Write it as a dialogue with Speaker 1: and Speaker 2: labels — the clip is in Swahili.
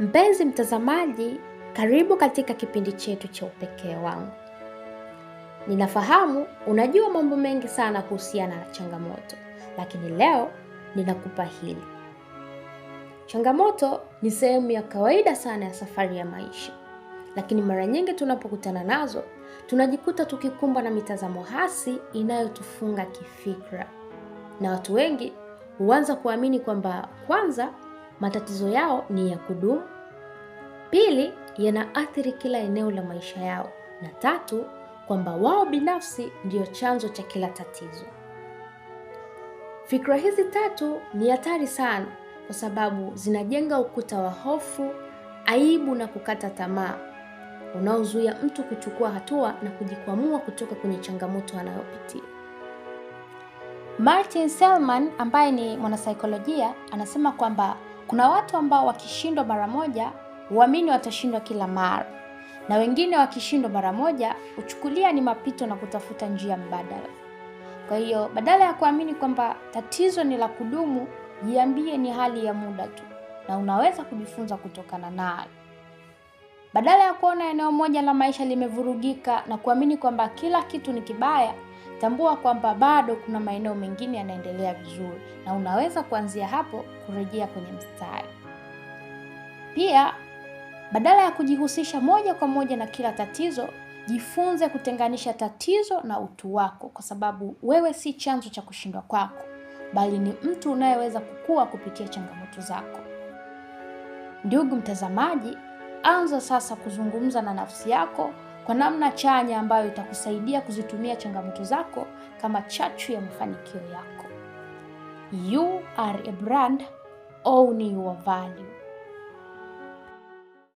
Speaker 1: Mpenzi mtazamaji, karibu katika kipindi chetu cha Upekee wangu. Ninafahamu unajua mambo mengi sana kuhusiana na changamoto, lakini leo ninakupa hili. Changamoto ni sehemu ya kawaida sana ya safari ya maisha, lakini mara nyingi tunapokutana nazo tunajikuta tukikumbwa na mitazamo hasi inayotufunga kifikra, na watu wengi huanza kuamini kwamba kwanza matatizo yao ni ya kudumu. Pili, yanaathiri kila eneo la maisha yao, na tatu, kwamba wao binafsi ndiyo chanzo cha kila tatizo. Fikra hizi tatu ni hatari sana, kwa sababu zinajenga ukuta wa hofu, aibu na kukata tamaa unaozuia mtu kuchukua hatua na kujikwamua kutoka kwenye changamoto anayopitia. Martin Selman ambaye ni mwanasaikolojia anasema kwamba kuna watu ambao wakishindwa mara moja huamini watashindwa kila mara, na wengine wakishindwa mara moja huchukulia ni mapito na kutafuta njia mbadala. Kwa hiyo badala ya kuamini kwamba tatizo ni la kudumu, jiambie ni hali ya muda tu na unaweza kujifunza kutokana nalo. Badala ya kuona eneo moja la maisha limevurugika na kuamini kwamba kila kitu ni kibaya, Tambua kwamba bado kuna maeneo mengine yanaendelea vizuri na unaweza kuanzia hapo kurejea kwenye mstari. Pia, badala ya kujihusisha moja kwa moja na kila tatizo, jifunze kutenganisha tatizo na utu wako, kwa sababu wewe si chanzo cha kushindwa kwako, bali ni mtu unayeweza kukua kupitia changamoto zako. Ndugu mtazamaji, anza sasa kuzungumza na nafsi yako kwa namna chanya ambayo itakusaidia kuzitumia changamoto zako kama chachu ya mafanikio yako. You are a brand, own your value.